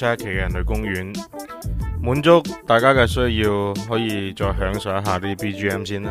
假期嘅人類公園，滿足大家嘅需要，可以再享受一下啲 BGM 先啦。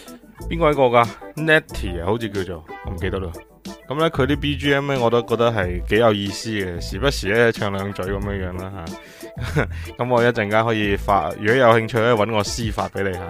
邊個一個噶 Natty 啊，ie, 好似叫做，我唔記得啦。咁咧佢啲 BGM 咧，我都覺得係幾有意思嘅，時不時咧唱兩嘴咁樣樣啦吓。咁我一陣間可以發，如果有興趣咧，搵我私發俾你吓。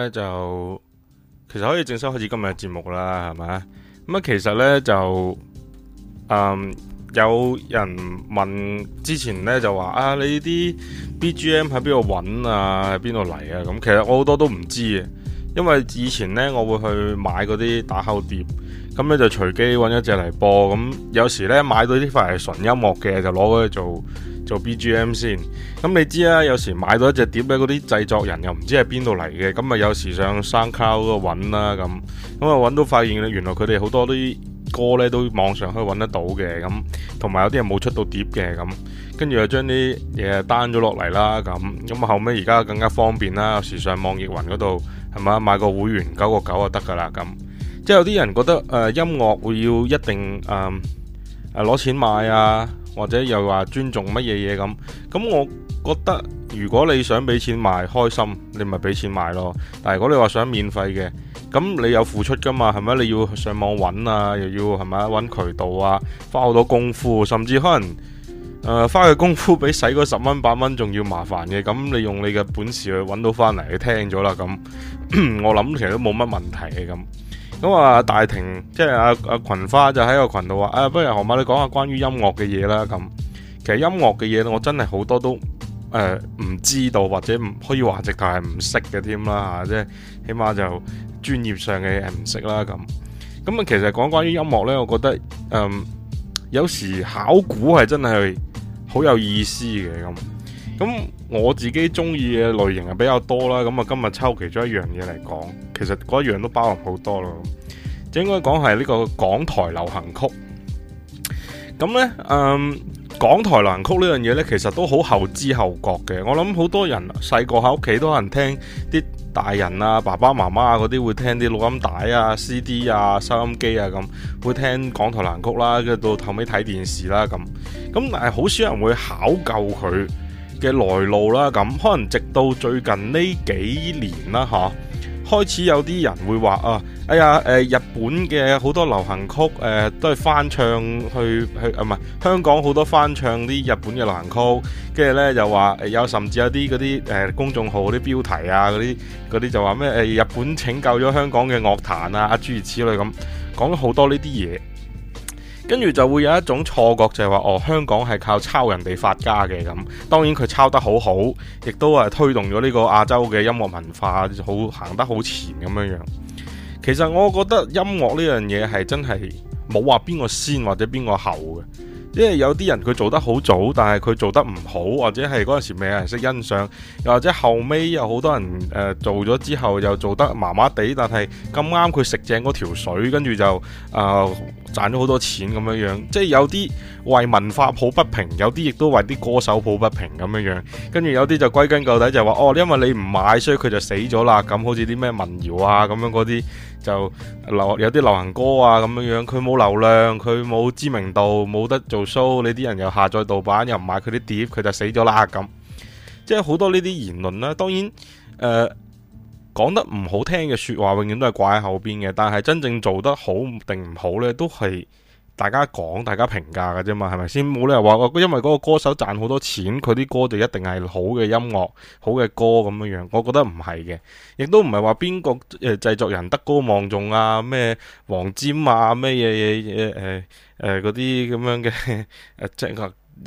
咧就其實可以正式開始今日嘅節目啦，係咪？咁、呃、啊、啊、啊，其實咧就嗯有人問之前咧就話啊，你啲 BGM 喺邊度揾啊，喺邊度嚟啊？咁其實我好多都唔知啊，因為以前咧我會去買嗰啲打口碟，咁咧就隨機揾一隻嚟播，咁有時咧買到啲塊係純音樂嘅，就攞佢做。做 BGM 先，咁、啊、你知啦，有時買到一隻碟咧，嗰啲製作人又唔知係邊度嚟嘅，咁啊有時上 SoundCloud 嗰度搵啦，咁咁啊搵到發現原來佢哋好多啲歌咧都網上可以搵得到嘅，咁同埋有啲人冇出到碟嘅，咁跟住又將啲嘢 down 咗落嚟啦，咁咁後尾而家更加方便啦，有時上網易雲嗰度係咪買個會員九個九就得噶啦，咁即係有啲人覺得誒、呃、音樂會要一定誒攞、呃、錢買啊。或者又話尊重乜嘢嘢咁，咁我覺得如果你想俾錢買開心，你咪俾錢買咯。但係如果你話想免費嘅，咁你有付出噶嘛，係咪？你要上網揾啊，又要係咪？揾渠道啊，花好多功夫，甚至可能誒、呃、花嘅功夫比使嗰十蚊八蚊仲要麻煩嘅。咁你用你嘅本事去揾到翻嚟，你聽咗啦。咁 我諗其實都冇乜問題嘅咁。咁啊，大庭即係阿阿群花就喺個群度話，啊不如何馬你講下關於音樂嘅嘢啦咁。其實音樂嘅嘢我真係好多都誒唔、呃、知道或者唔可以話直頭係唔識嘅添啦吓，即係起碼就專業上嘅嘢係唔識啦咁。咁啊，其實講關於音樂咧，我覺得誒、呃、有時考古係真係好有意思嘅咁。咁我自己中意嘅類型係比較多啦。咁啊,今日抽其中一樣嘢嚟講，其實嗰一樣都包含好多咯。應該講係呢個港台流行曲。咁咧，嗯，港台流行曲呢樣嘢呢，其實都好後知後覺嘅。我諗好多人細個喺屋企都可能聽啲大人啊、爸爸媽媽啊嗰啲會聽啲錄音帶啊、CD 啊、收音機啊咁，會聽港台流行曲啦，跟住到後尾睇電視啦咁。咁但係好少人會考究佢嘅來路啦，咁可能直到最近呢幾年啦，吓，開始有啲人會話啊，哎呀，誒、呃、日本嘅好多流行曲誒、呃、都係翻唱去去，唔、呃、係香港好多翻唱啲日本嘅流行曲，跟住呢又話有、呃、甚至有啲嗰啲誒公眾號啲標題啊嗰啲嗰啲就話咩誒日本拯救咗香港嘅樂壇啊諸如此類咁，講咗好多呢啲嘢。跟住就會有一種錯覺，就係話哦，香港係靠抄人哋發家嘅。咁當然佢抄得好好，亦都係推動咗呢個亞洲嘅音樂文化好行得好前咁樣樣。其實我覺得音樂呢樣嘢係真係冇話邊個先或者邊個後嘅。即係有啲人佢做得好早，但係佢做得唔好，或者係嗰陣時未有人識欣賞，又或者後尾有好多人誒、呃、做咗之後又做得麻麻哋，但係咁啱佢食正條水，跟住就誒賺咗好多錢咁樣樣，即係有啲為文化抱不平，有啲亦都為啲歌手抱不平咁樣樣，跟住有啲就歸根究底就話哦，因為你唔買，所以佢就死咗啦。咁好似啲咩民謠啊咁樣啲，就流有啲流行歌啊咁樣樣，佢冇流量，佢冇知名度，冇得做。show 你啲人又下載盜版，又唔買佢啲碟，佢就死咗啦咁。即係好多呢啲言論啦。當然誒、呃、講得唔好聽嘅説話，永遠都係掛喺後邊嘅。但係真正做得好定唔好呢，都係。大家講，大家評價嘅啫嘛，係咪先？冇理由話因為嗰個歌手賺好多錢，佢啲歌就一定係好嘅音樂，好嘅歌咁樣樣。我覺得唔係嘅，亦都唔係話邊個誒製作人德高望重啊，咩黃霑啊，咩嘢嘢，誒嗰啲咁樣嘅誒、 呃，即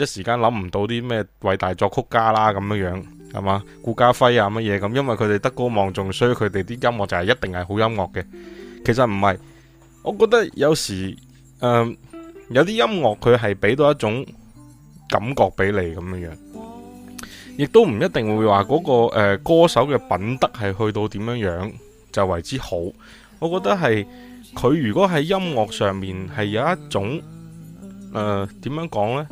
一時間諗唔到啲咩偉大作曲家啦咁樣樣係嘛，顧嘉輝啊乜嘢咁，因為佢哋德高望重，所以佢哋啲音樂就係一定係好音樂嘅。其實唔係，我覺得有時。誒，uh, 有啲音樂佢係俾到一種感覺俾你咁樣樣，亦都唔一定會話嗰、那個誒、呃、歌手嘅品德係去到點樣樣就為之好。我覺得係佢如果喺音樂上面係有一種誒點、呃、樣講呢，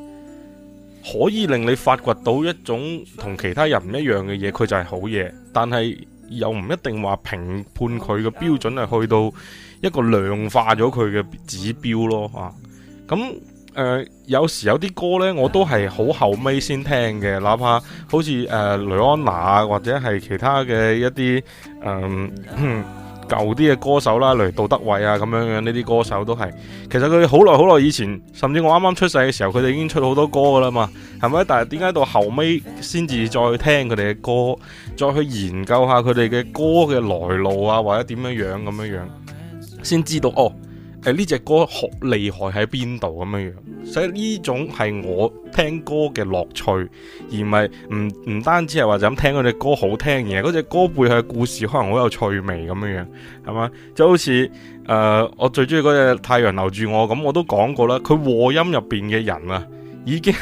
可以令你發掘到一種同其他人唔一樣嘅嘢，佢就係好嘢。但係又唔一定話評判佢嘅標準係去到。一個量化咗佢嘅指標咯，吓咁誒，有時有啲歌呢，我都係好後尾先聽嘅，哪怕好似誒、呃、雷安娜啊，或者係其他嘅一啲誒舊啲嘅歌手啦、啊，例如杜德偉啊咁樣樣呢啲歌手都係，其實佢好耐好耐以前，甚至我啱啱出世嘅時候，佢哋已經出好多歌噶啦嘛，係咪？但係點解到後尾先至再聽佢哋嘅歌，再去研究下佢哋嘅歌嘅來路啊，或者點樣樣咁樣樣？先知道哦，誒呢隻歌好厲害，喺邊度咁樣樣，所以呢種係我聽歌嘅樂趣，而唔係唔唔單止係話就咁聽嗰隻歌好聽，而嗰隻歌背後嘅故事可能好有趣味咁樣樣，係嘛？就好似誒、呃、我最中意嗰隻《太陽留住我》咁，我都講過啦，佢和音入邊嘅人啊。已經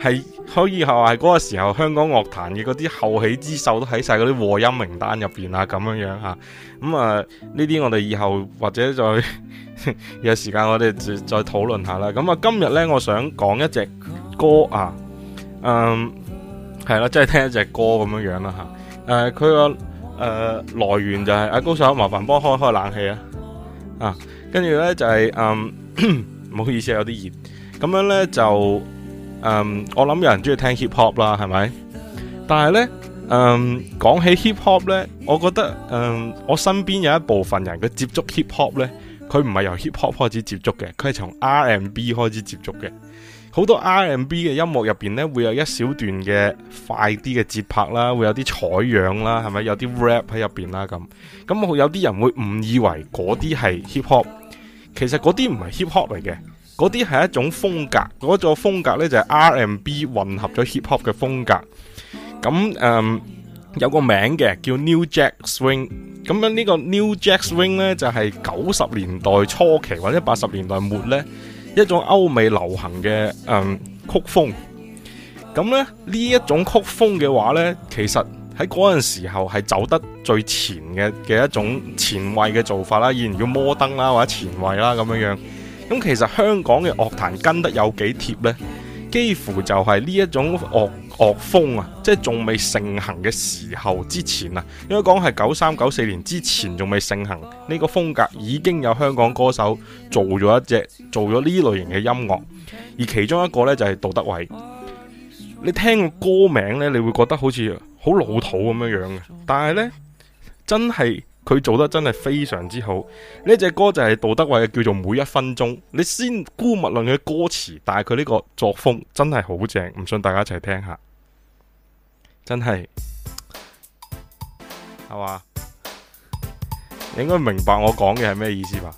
係可以係話係嗰個時候香港樂壇嘅嗰啲後起之秀都喺晒嗰啲和音名單入邊啦，咁樣樣吓。咁啊呢啲我哋以後或者再 有時間我哋再再討論下啦。咁啊今日咧我想講一隻歌啊，嗯係啦，即係、就是、聽一隻歌咁樣樣啦吓。誒佢個誒來源就係、是、阿、啊、高 Sir 麻煩幫我開開冷氣啊。啊跟住咧就係、是、嗯唔 好意思有啲熱，咁樣咧就。嗯，um, 我諗有人中意聽 hip hop 啦，係咪？但係呢，嗯，講起 hip hop 呢，我覺得嗯，我身邊有一部分人佢接觸 hip hop 呢，佢唔係由 hip hop 開始接觸嘅，佢係從 R&B 開始接觸嘅。好多 R&B 嘅音樂入邊呢，會有一小段嘅快啲嘅節拍啦，會有啲採樣啦，係咪有啲 rap 喺入邊啦？咁咁，有啲人會誤以為嗰啲係 hip hop，其實嗰啲唔係 hip hop 嚟嘅。嗰啲係一種風格，嗰、那、種、個、風格呢就係 R&B 混合咗 hip hop 嘅風格。咁誒、嗯、有個名嘅叫 New Jack Swing。咁樣呢個 New Jack Swing 呢，就係九十年代初期或者八十年代末呢一種歐美流行嘅誒、嗯、曲風。咁咧呢一種曲風嘅話呢，其實喺嗰陣時候係走得最前嘅嘅一種前衛嘅做法啦，以前叫摩登啦或者前衛啦咁樣樣。咁其實香港嘅樂壇跟得有幾貼呢？幾乎就係呢一種樂樂風啊，即係仲未盛行嘅時候之前啊，應該講係九三九四年之前仲未盛行呢個風格，已經有香港歌手做咗一隻做咗呢類型嘅音樂。而其中一個呢，就係杜德偉。你聽個歌名呢，你會覺得好似好老土咁樣樣嘅，但係呢，真係。佢做得真係非常之好，呢隻歌就係杜德偉嘅叫做每一分鐘。你先姑勿論佢嘅歌詞，但係佢呢個作風真係好正，唔信大家一齊聽下，真係係嘛？你應該明白我講嘅係咩意思吧？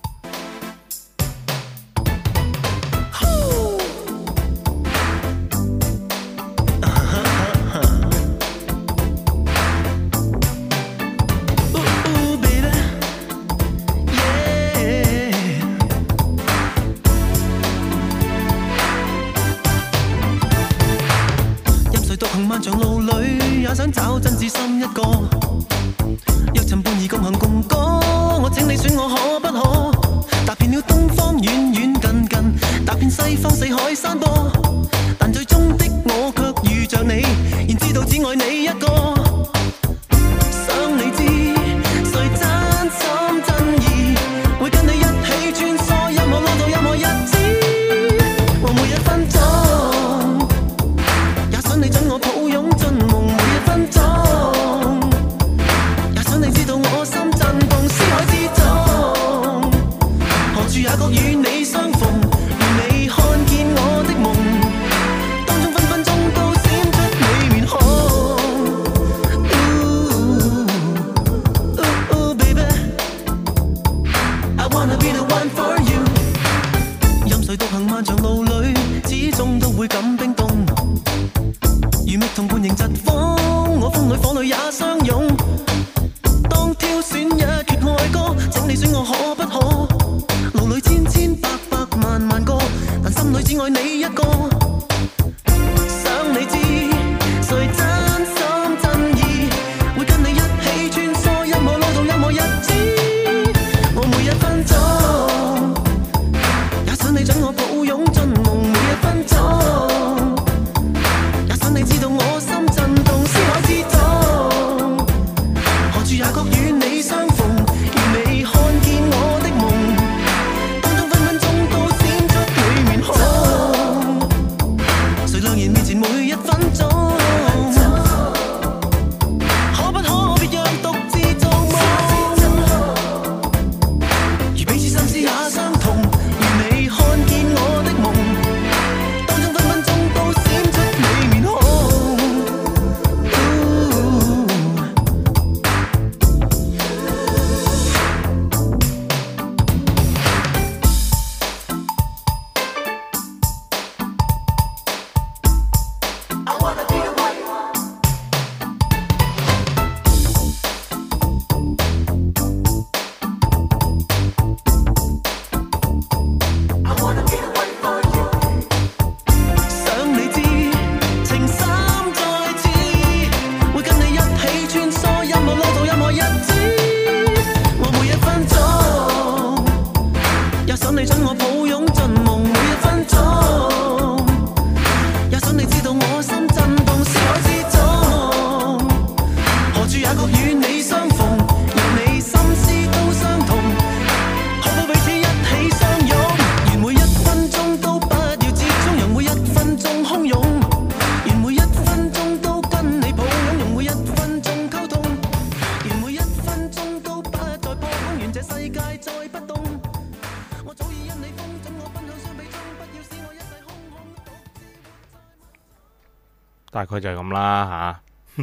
係咁啦，吓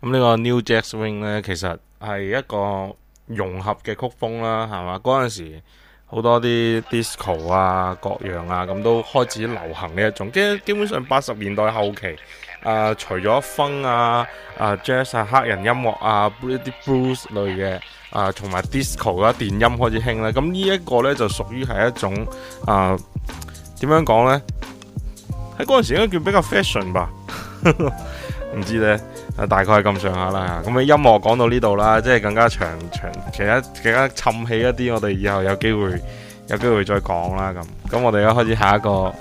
咁呢個 New Jack Swing 咧，其實係一個融合嘅曲風啦，係嘛嗰陣時好多啲 Disco 啊、各樣啊，咁都開始流行呢一種。基基本上八十年代後期誒、啊，除咗 Funk 啊、誒、啊、Jazz 啊、黑人音樂啊、b l u e d Blues 類嘅啊，同埋 Disco 啦、電音開始興啦。咁呢一個咧就屬於係一種啊，點樣講咧？喺嗰陣時應該叫比較 fashion 吧。唔 知咧，啊大概係咁上下啦。咁嘅音樂講到呢度啦，即係更加長長，其實更加襯起一啲，我哋以後有機會有機會再講啦。咁咁我哋而家開始下一個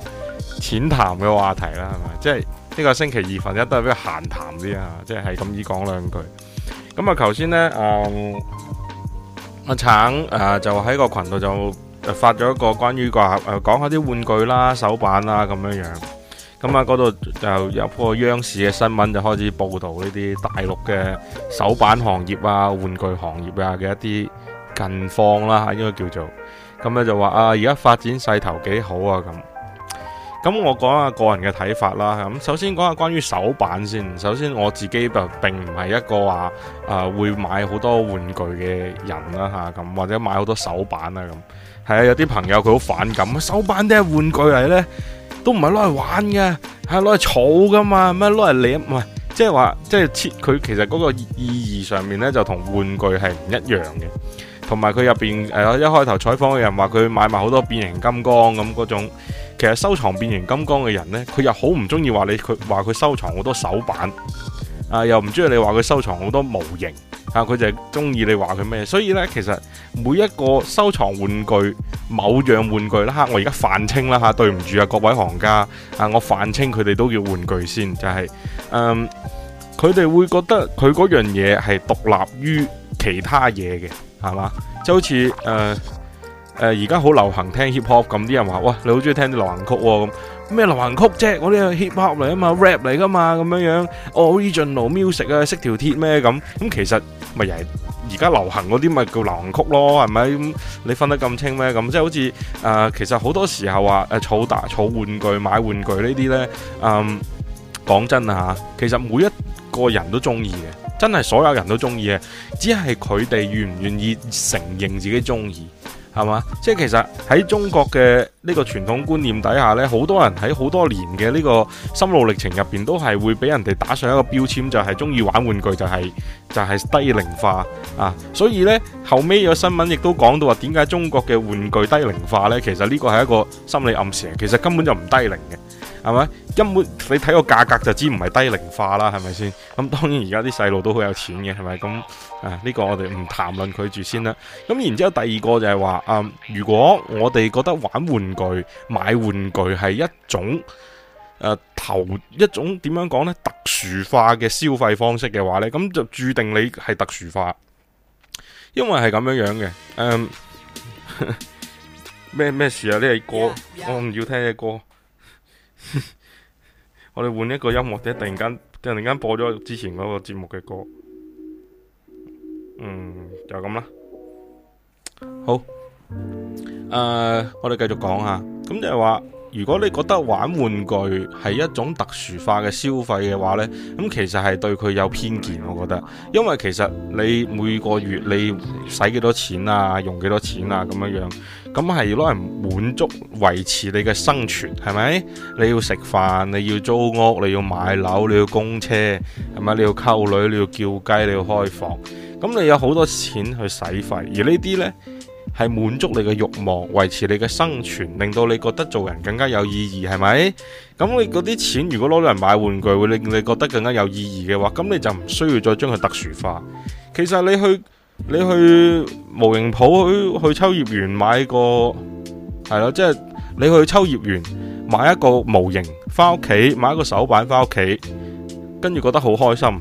淺談嘅話題啦，係咪？即係呢，這個星期二份一都係比較閒談啲啊，即係咁易講兩句。咁啊，頭先呢，阿，呃，阿橙啊，呃，就喺個群度就發咗一個關於話誒講下啲玩具啦、手板啦咁樣樣。咁啊，嗰度就有個央視嘅新聞就開始報道呢啲大陸嘅手板行業啊、玩具行業啊嘅一啲近況啦吓，應該叫做咁咧、嗯、就話啊，而家發展勢頭幾好啊咁。咁我講下個人嘅睇法啦。咁首先講下關於手板先。首先我自己就並唔係一個話啊、呃、會買好多玩具嘅人啦、啊、吓，咁或者買好多手板啦咁。係啊，有啲朋友佢好反感啊，手板啲係玩具嚟呢？都唔係攞嚟玩嘅，係攞嚟儲噶嘛，咩攞嚟？你唔係，即係話，即係切佢其實嗰個意義上面咧，就同玩具係唔一樣嘅。同埋佢入邊誒，一開頭採訪嘅人話佢買埋好多變形金剛咁嗰種，其實收藏變形金剛嘅人咧，佢又好唔中意話你佢話佢收藏好多手板，啊又唔中意你話佢收藏好多模型。啊！佢就係中意你話佢咩，所以咧，其實每一個收藏玩具、某樣玩具啦、啊，我而家泛稱啦吓、啊，對唔住啊，各位行家啊，我泛稱佢哋都叫玩具先，就係、是，嗯，佢哋會覺得佢嗰樣嘢係獨立於其他嘢嘅，係嘛？即係好似誒誒，而家好流行聽 hip hop 咁，啲人話，哇，你好中意聽啲流行曲咁，哦，咩流行曲啫？嗰啲 hip hop 嚟啊嘛，rap 嚟噶嘛，咁樣樣，original music 啊，識條鐵咩咁？咁其實。咪而家流行嗰啲咪叫流行曲咯，係咪？你分得咁清咩？咁即係好似誒、呃，其實好多時候話誒，儲大儲玩具、買玩具呢啲呢，嗯，講真啊嚇，其實每一個人都中意嘅，真係所有人都中意嘅，只係佢哋願唔願意承認自己中意。係嘛？即係其實喺中國嘅呢個傳統觀念底下呢，好多人喺好多年嘅呢個心路歷程入邊，都係會俾人哋打上一個標籤，就係中意玩玩具，就係、是、就係、是、低齡化啊！所以呢，後尾有新聞亦都講到話，點解中國嘅玩具低齡化呢？其實呢個係一個心理暗示，其實根本就唔低齡嘅。係咪？根本你睇個價格就知唔係低齡化啦，係咪先？咁當然而家啲細路都好有錢嘅，係咪咁？啊，呢、這個我哋唔談論佢住先啦。咁然之後第二個就係話，嗯、呃，如果我哋覺得玩玩具、買玩具係一種，誒、呃，頭一種點樣講呢？特殊化嘅消費方式嘅話呢，咁就注定你係特殊化，因為係咁樣樣嘅。嗯，咩 咩事啊？呢、這個歌 yeah, yeah. 我唔要聽嘅歌。 我哋換一個音樂啫，突然間突然間播咗之前嗰個節目嘅歌，嗯，就咁、是、啦。好，誒、呃，我哋繼續講下。咁就係話，如果你覺得玩玩具係一種特殊化嘅消費嘅話呢，咁其實係對佢有偏見。我覺得，因為其實你每個月你使幾多錢啊，用幾多錢啊，咁樣樣。咁係要攞嚟滿足維持你嘅生存，係咪？你要食飯，你要租屋，你要買樓，你要供車，係咪？你要溝女，你要叫雞，你要開房，咁你有好多錢去使費，而呢啲呢係滿足你嘅慾望，維持你嘅生存，令到你覺得做人更加有意義，係咪？咁你嗰啲錢如果攞嚟買玩具，會令你覺得更加有意義嘅話，咁你就唔需要再將佢特殊化。其實你去。你去模型鋪去去秋葉原買個係咯，即係你去秋葉原買一個模型，翻屋企買一個手板翻屋企，跟住覺得好開心。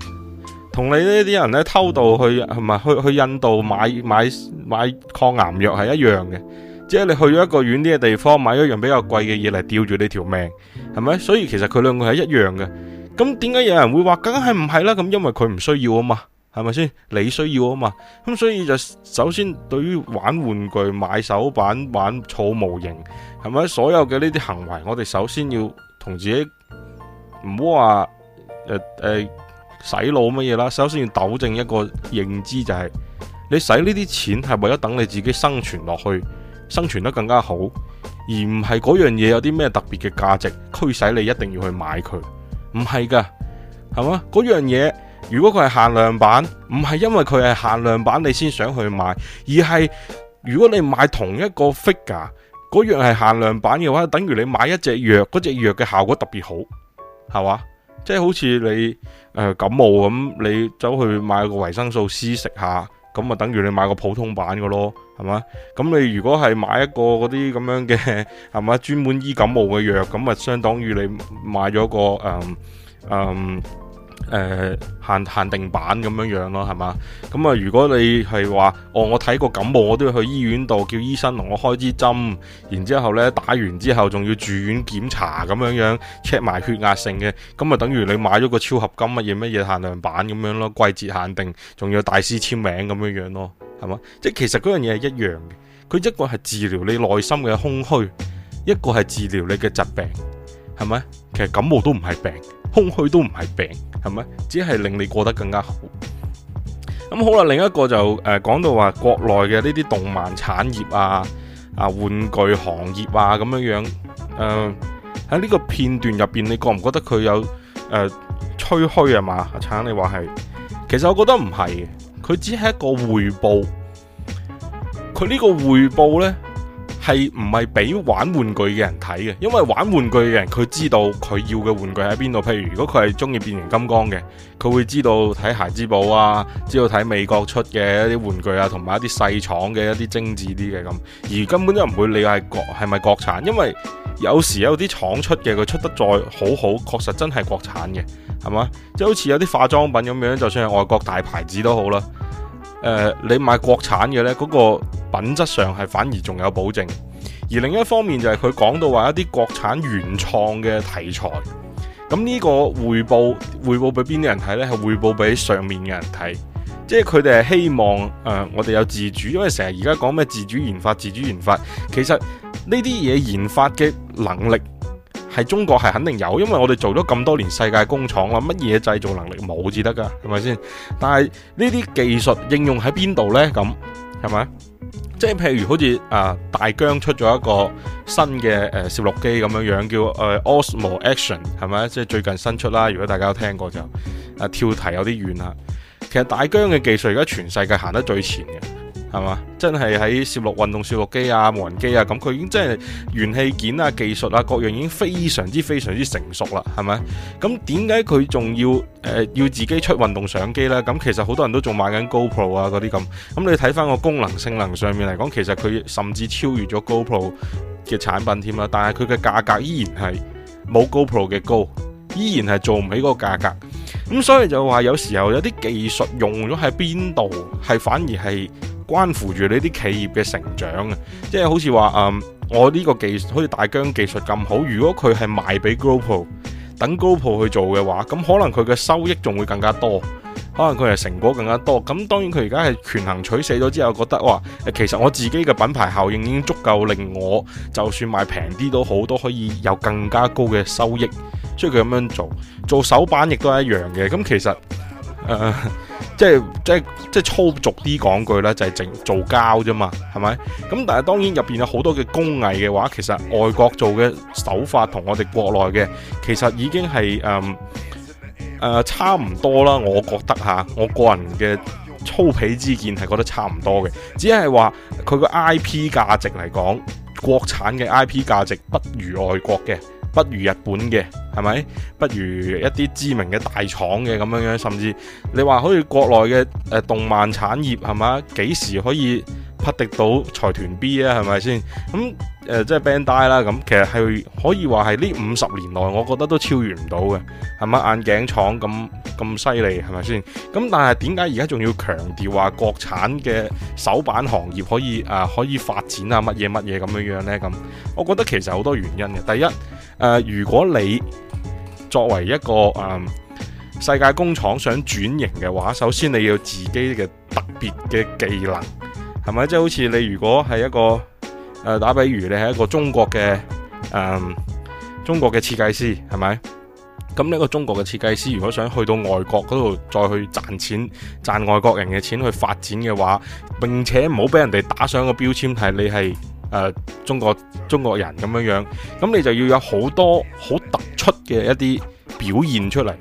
同你呢啲人咧偷渡去係咪去去印度買買買抗癌藥係一樣嘅？即係你去咗一個遠啲嘅地方買咗一樣比較貴嘅嘢嚟吊住你條命，係咪？所以其實佢兩個係一樣嘅。咁點解有人會話梗係唔係啦？咁因為佢唔需要啊嘛。係咪先？你需要啊嘛，咁、嗯、所以就首先對於玩玩具、買手板、玩草模型，係咪所有嘅呢啲行為，我哋首先要同自己唔好話誒誒洗腦乜嘢啦，首先要糾正一個認知，就是，就係你使呢啲錢係為咗等你自己生存落去，生存得更加好，而唔係嗰樣嘢有啲咩特別嘅價值驅使你一定要去買佢，唔係噶，係咪嗰樣嘢。如果佢係限量版，唔係因為佢係限量版你先想去買，而係如果你買同一個 figure 嗰樣係限量版嘅話，等於你買一隻藥，嗰隻藥嘅效果特別好，係嘛？即係好似你誒、呃、感冒咁，你走去買個維生素 C 食下，咁咪等於你買個普通版嘅咯，係嘛？咁你如果係買一個嗰啲咁樣嘅，係嘛，專門醫感冒嘅藥，咁啊相當於你買咗個誒誒。呃呃誒、呃，限限定版咁樣樣咯，係嘛？咁啊，如果你係話，哦，我睇過感冒，我都要去醫院度叫醫生同我開支針，然之後咧打完之後仲要住院檢查咁樣樣，check 埋血壓性嘅，咁啊等於你買咗個超合金乜嘢乜嘢限量版咁樣咯，季節限定，仲要大師簽名咁樣樣咯，係嘛？即其實嗰樣嘢係一樣嘅，佢一個係治療你內心嘅空虛，一個係治療你嘅疾病，係咪？其實感冒都唔係病。空虛都唔係病，係咪？只係令你過得更加好。咁好啦，另一個就誒，講、呃、到話國內嘅呢啲動漫產業啊，啊玩具行業啊咁樣樣。誒、呃，喺呢個片段入邊，你覺唔覺得佢有誒、呃、吹噓啊嘛？阿橙你話係，其實我覺得唔係，佢只係一個回報。佢呢個回報呢。係唔係俾玩玩具嘅人睇嘅？因為玩玩具嘅人，佢知道佢要嘅玩具喺邊度。譬如如果佢係中意變形金剛嘅，佢會知道睇孩之寶啊，知道睇美國出嘅一啲玩具啊，同埋一啲細廠嘅一啲精緻啲嘅咁。而根本都唔會理係國係咪國產，因為有時有啲廠出嘅，佢出得再好好，確實真係國產嘅，係嘛？即係好似有啲化妝品咁樣，就算係外國大牌子都好啦。誒、呃，你買國產嘅呢，嗰、那個品質上係反而仲有保證。而另一方面就係佢講到話一啲國產原創嘅題材，咁呢個匯報匯報俾邊啲人睇呢？係匯報俾上面嘅人睇，即係佢哋係希望誒、呃、我哋有自主，因為成日而家講咩自主研發、自主研發，其實呢啲嘢研發嘅能力。係中國係肯定有，因為我哋做咗咁多年世界工廠啦，乜嘢製造能力冇至得噶，係咪先？但係呢啲技術應用喺邊度呢？咁係咪？即係譬如好似啊、呃、大疆出咗一個新嘅誒攝錄機咁樣樣，叫誒、呃、Osmo Action，係咪？即係最近新出啦。如果大家有聽過就啊、呃、跳題有啲遠啦。其實大疆嘅技術而家全世界行得最前嘅。係嘛，真係喺攝錄運動攝錄機啊、無人機啊，咁佢已經真係元器件啊、技術啊各樣已經非常之非常之成熟啦，係咪？咁點解佢仲要誒、呃、要自己出運動相機呢？咁其實好多人都仲買緊 GoPro 啊，嗰啲咁。咁你睇翻個功能性能上面嚟講，其實佢甚至超越咗 GoPro 嘅產品添啦。但係佢嘅價格依然係冇 GoPro 嘅高，依然係做唔起個價格。咁所以就話有時候有啲技術用咗喺邊度，係反而係。關乎住你啲企業嘅成長啊，即係好似話，嗯，我呢個技術好似大疆技術咁好，如果佢係賣俾 GoPro，等 GoPro 去做嘅話，咁可能佢嘅收益仲會更加多，可能佢係成果更加多。咁當然佢而家係權衡取捨咗之後，覺得，哇，其實我自己嘅品牌效應已經足夠令我就算賣平啲都好，都可以有更加高嘅收益，所以佢咁樣做。做手板亦都係一樣嘅。咁其實。誒、呃，即係即係即係粗俗啲講句啦，就係、是、整做膠啫嘛，係咪？咁但係當然入邊有好多嘅工藝嘅話，其實外國做嘅手法同我哋國內嘅，其實已經係誒誒差唔多啦。我覺得吓，我個人嘅粗鄙之見係覺得差唔多嘅，只係話佢個 I P 價值嚟講，國產嘅 I P 價值不如外國嘅。不如日本嘅，係咪不如一啲知名嘅大廠嘅咁樣樣，甚至你話好似國內嘅誒動漫產業係咪啊？幾時可以匹敵到財團 B 啊？係咪先咁誒？即係 Bandai 啦。咁其實係可以話係呢五十年內，我覺得都超越唔到嘅，係咪眼鏡廠咁咁犀利？係咪先咁？但係點解而家仲要強調話國產嘅手板行業可以誒、呃、可以發展啊？乜嘢乜嘢咁樣樣呢？咁我覺得其實好多原因嘅。第一。誒、呃，如果你作為一個誒、嗯、世界工廠想轉型嘅話，首先你要有自己嘅特別嘅技能，係咪？即係好似你如果係一個誒、呃，打比如你係一個中國嘅誒、嗯，中國嘅設計師，係咪？咁呢個中國嘅設計師如果想去到外國嗰度再去賺錢，賺外國人嘅錢去發展嘅話，並且唔好俾人哋打上個標籤係你係。誒、呃、中國中國人咁樣樣，咁你就要有好多好突出嘅一啲表現出嚟。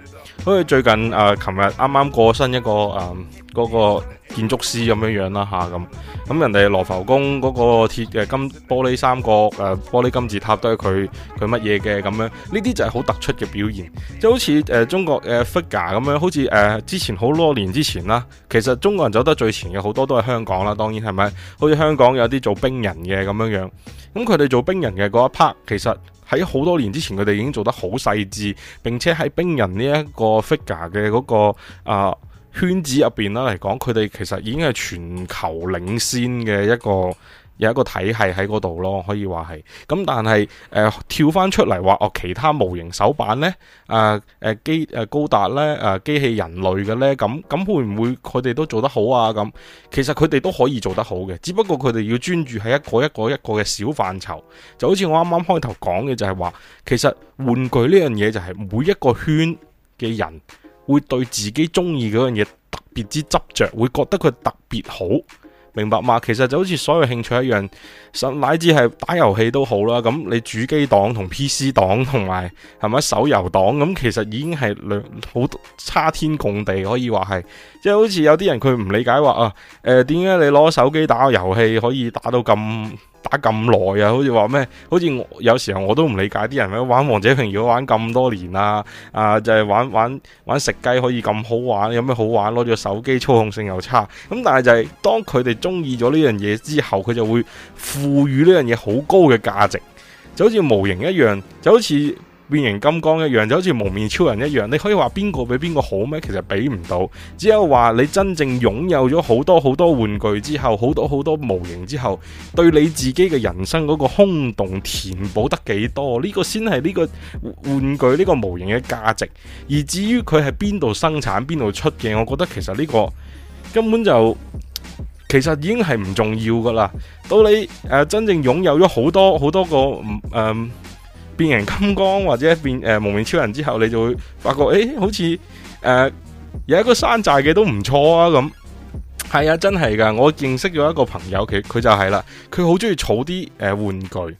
好似最近啊，琴日啱啱過身一個、呃那個、啊，嗰個建築師咁樣樣啦嚇咁，咁人哋羅浮宮嗰個鐵金玻璃三角誒、啊、玻璃金字塔都係佢佢乜嘢嘅咁樣，呢啲就係好突出嘅表現，即係好似誒、呃、中國嘅 figure 咁樣，好似誒、呃、之前好多年之前啦，其實中國人走得最前嘅好多都係香港啦，當然係咪？好似香港有啲做兵人嘅咁樣樣，咁佢哋做兵人嘅嗰一 part 其實。喺好多年之前，佢哋已經做得好細緻，並且喺兵人呢一個 figure 嘅嗰、嗰個啊、呃、圈子入邊啦嚟講，佢哋其實已經係全球領先嘅一個。有一個體系喺嗰度咯，可以話係。咁但係誒、呃、跳翻出嚟話哦，其他模型手板呢，啊、呃、誒機誒、呃、高達呢，啊、呃、機器人類嘅呢，咁咁會唔會佢哋都做得好啊？咁其實佢哋都可以做得好嘅，只不過佢哋要專注喺一個一個一個嘅小範疇。就好似我啱啱開頭講嘅就係話，其實玩具呢樣嘢就係每一個圈嘅人會對自己中意嗰樣嘢特別之執着，會覺得佢特別好。明白嘛？其實就好似所有興趣一樣，乃至係打遊戲都好啦。咁你主機黨同 PC 黨同埋係咪手遊黨咁，其實已經係兩好差天共地，可以話係。即係好似有啲人佢唔理解話啊，誒點解你攞手機打個遊戲可以打到咁？打咁耐啊，好似話咩？好似我有時候我都唔理解啲人咩玩王者榮耀玩咁多年啦，啊，啊就係、是、玩玩玩食雞可以咁好玩，有咩好玩？攞住手機操控性又差，咁但係就係當佢哋中意咗呢樣嘢之後，佢就會賦予呢樣嘢好高嘅價值，就好似模型一樣，就好似。變形金剛一樣，就好似幪面超人一樣，你可以話邊個比邊個好咩？其實比唔到，只有話你真正擁有咗好多好多玩具之後，好多好多模型之後，對你自己嘅人生嗰個空洞填補得幾多，呢、這個先係呢個玩具呢個模型嘅價值。而至於佢係邊度生產邊度出嘅，我覺得其實呢、這個根本就其實已經係唔重要㗎喇。到你誒、呃、真正擁有咗好多好多個唔誒。嗯變形金剛或者變誒、呃、蒙面超人之後，你就會發覺誒、欸，好似誒、呃、有一個山寨嘅都唔錯啊！咁係啊，真係噶！我認識咗一個朋友，佢佢就係啦，佢好中意儲啲誒玩具。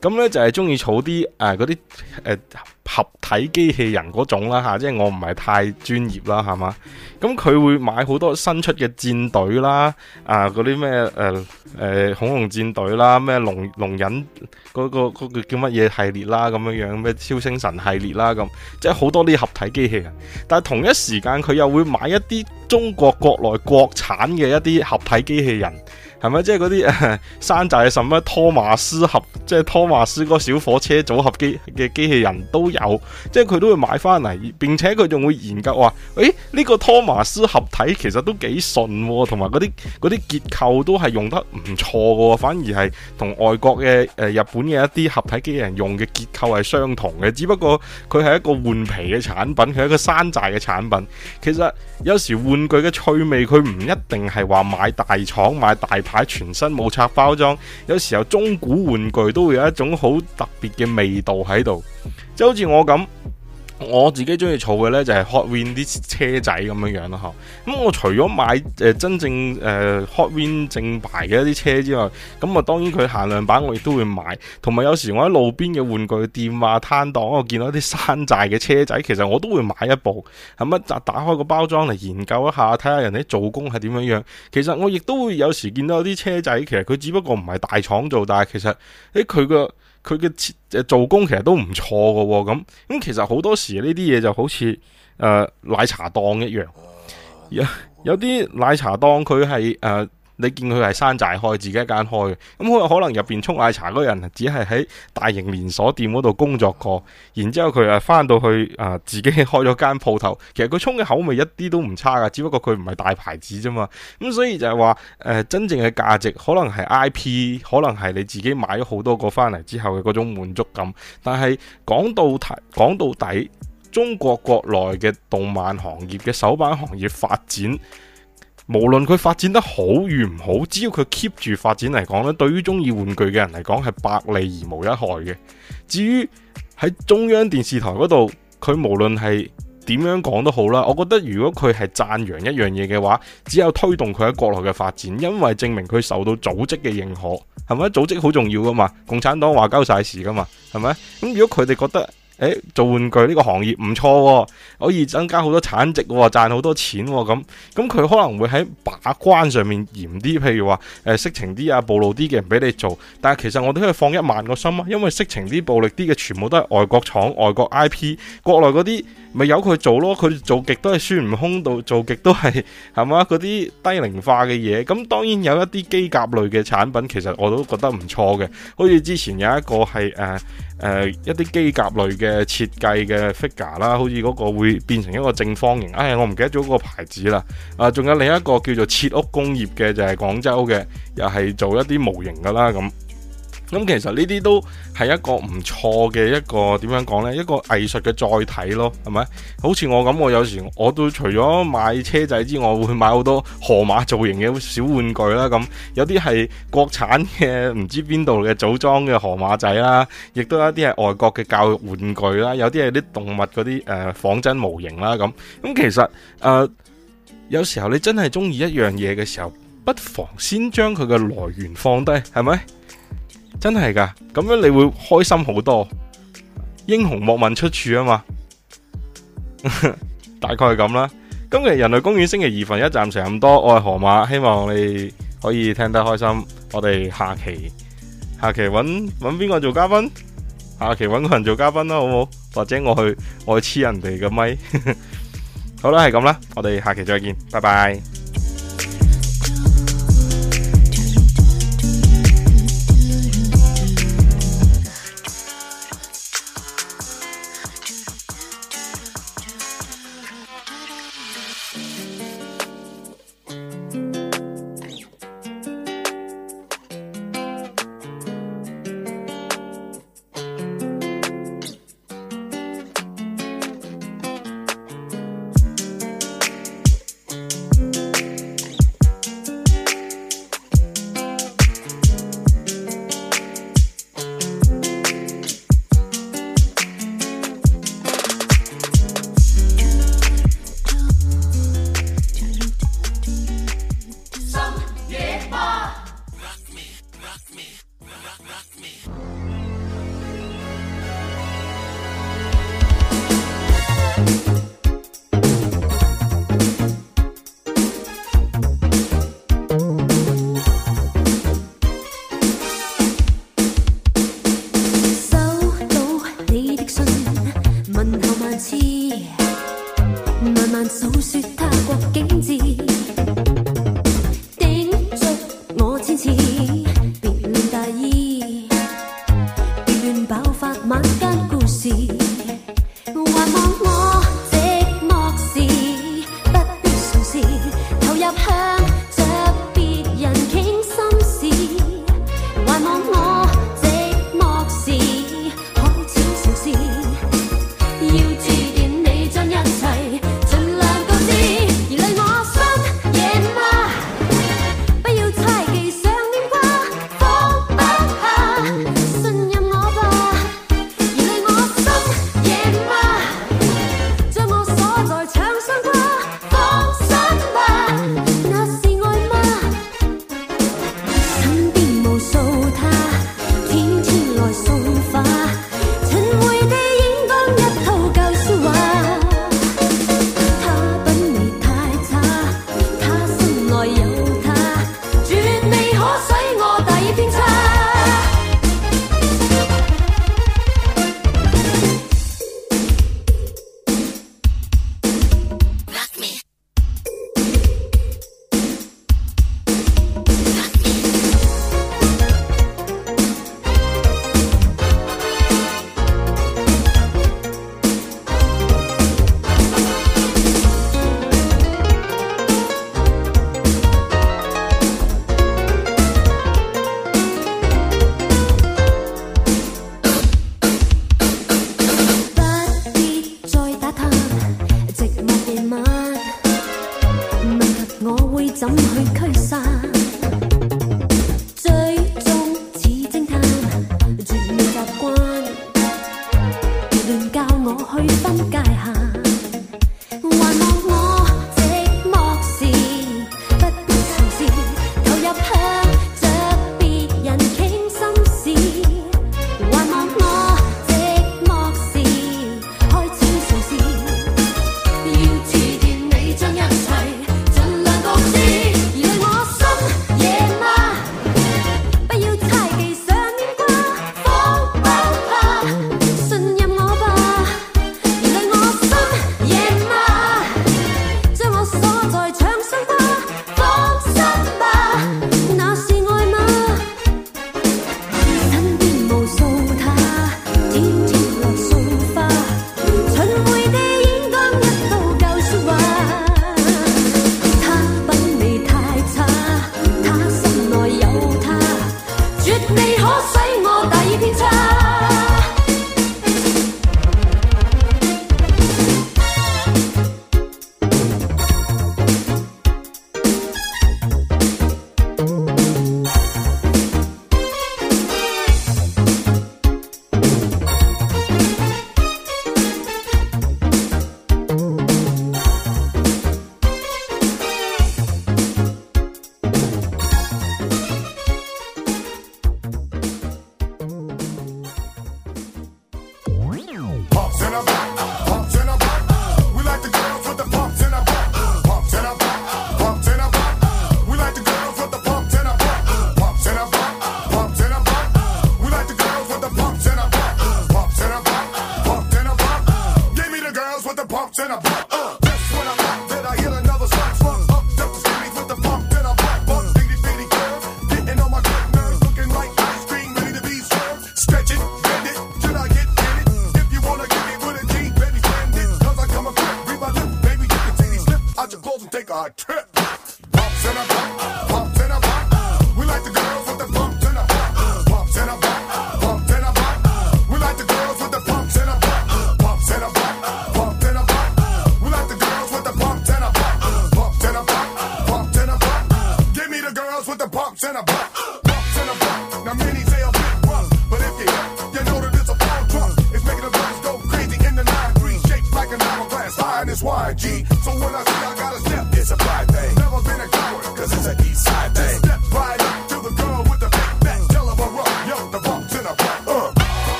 咁咧就係中意儲啲誒嗰啲誒合體機器人嗰種啦嚇、啊，即係我唔係太專業啦，係嘛？咁佢會買好多新出嘅戰隊啦，啊嗰啲咩誒誒恐龍戰隊啦，咩龍龍忍嗰、嗰個嗰個叫乜嘢系列啦咁樣樣，咩超星神系列啦咁，即係好多啲合體機器人。但係同一時間佢又會買一啲中國國內國產嘅一啲合體機器人。係咪即係嗰啲山寨嘅什麼托馬斯合即係托馬斯嗰小火車組合機嘅機器人都有，即係佢都會買翻嚟，並且佢仲會研究話：，誒呢、這個托馬斯合體其實都幾順，同埋嗰啲嗰啲結構都係用得唔錯嘅，反而係同外國嘅誒、呃、日本嘅一啲合體機器人用嘅結構係相同嘅，只不過佢係一個換皮嘅產品，佢係一個山寨嘅產品。其實有時玩具嘅趣味佢唔一定係話買大廠買大。睇全身冇拆包裝，有時候中古玩具都會有一種好特別嘅味道喺度，即好似我咁。我自己中意儲嘅呢，就係 Hot Wheels 啲車仔咁樣樣咯嗬。咁我除咗買誒、呃、真正誒、呃、Hot Wheels 正牌嘅一啲車之外，咁、嗯、啊當然佢限量版我亦都會買。同埋有時我喺路邊嘅玩具店啊攤檔，我見到啲山寨嘅車仔，其實我都會買一部，係咪？就打開個包裝嚟研究一下，睇下人哋做工係點樣樣。其實我亦都會有時見到有啲車仔，其實佢只不過唔係大廠做，但係其實誒佢個。欸佢嘅做工其實都唔錯嘅喎，咁咁其實好多時呢啲嘢就好似誒、呃、奶茶檔一樣， 有啲奶茶檔佢係誒。呃你見佢係山寨開，自己一間開嘅，咁可能入邊沖奶茶嗰人只係喺大型連鎖店嗰度工作過，然之後佢啊翻到去啊自己開咗間鋪頭，其實佢沖嘅口味一啲都唔差噶，只不過佢唔係大牌子啫嘛。咁所以就係話誒，真正嘅價值可能係 IP，可能係你自己買咗好多個翻嚟之後嘅嗰種滿足感。但係講到頭講到底，中國國內嘅動漫行業嘅手板行業發展。無論佢發展得好與唔好，只要佢 keep 住發展嚟講咧，對於中意玩具嘅人嚟講係百利而無一害嘅。至於喺中央電視台嗰度，佢無論係點樣講都好啦，我覺得如果佢係讚揚一樣嘢嘅話，只有推動佢喺國內嘅發展，因為證明佢受到組織嘅認可，係咪？組織好重要噶嘛，共產黨話交晒事噶嘛，係咪？咁如果佢哋覺得，誒、欸，做玩具呢個行業唔錯、哦，可以增加好多產值、哦，賺好多錢咁、哦。咁佢可能會喺把關上面嚴啲，譬如話誒色情啲啊，暴露啲嘅人俾你做。但係其實我都可以放一萬個心啊，因為色情啲、暴力啲嘅，全部都係外國廠、外國 IP，國內嗰啲咪由佢做咯。佢做極都係孫悟空，度做極都係，係咪嗰啲低齡化嘅嘢？咁當然有一啲機甲類嘅產品，其實我都覺得唔錯嘅，好似之前有一個係誒。呃誒、呃、一啲機甲類嘅設計嘅 figure 啦，好似嗰個會變成一個正方形，唉、哎，我唔記得咗嗰個牌子啦。啊、呃，仲有另一個叫做切屋工業嘅，就係、是、廣州嘅，又係做一啲模型噶啦咁。咁其實呢啲都係一個唔錯嘅一個點樣講呢？一個藝術嘅載體咯，係咪？好似我咁，我有時我都除咗買車仔之外，會買好多河馬造型嘅小玩具啦。咁、嗯、有啲係國產嘅，唔知邊度嘅組裝嘅河馬仔啦，亦都有一啲係外國嘅教育玩具啦。有啲係啲動物嗰啲誒仿真模型啦。咁、嗯、咁其實誒、呃，有時候你真係中意一樣嘢嘅時候，不妨先將佢嘅來源放低，係咪？真係噶，咁樣你會開心好多。英雄莫問出處啊嘛，大概係咁啦。今日人類公園星期二份一站成咁多，我係河馬，希望你可以聽得開心。我哋下期下期揾揾邊個做嘉賓，下期揾個人做嘉賓啦，好唔好？或者我去我去黐人哋嘅咪。好啦，係咁啦，我哋下期再見，拜拜。